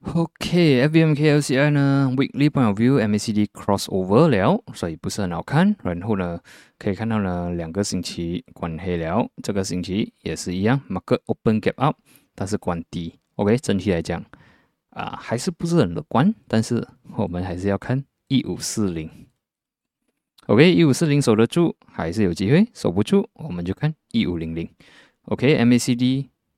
o、OK，FBMKLCI 呢？Weekly Point of View MACD crossover 了，所以不是很好看。然後呢，可以看到呢兩個星期關黑了，這個星期也是一樣。Market open gap up，但是關低。OK，整體來講啊，還是不是很樂觀。但是我們還是要看一五四零。OK，一五四零守得住，還是有機會；守不住，我們就看一五零零。OK，MACD、okay,。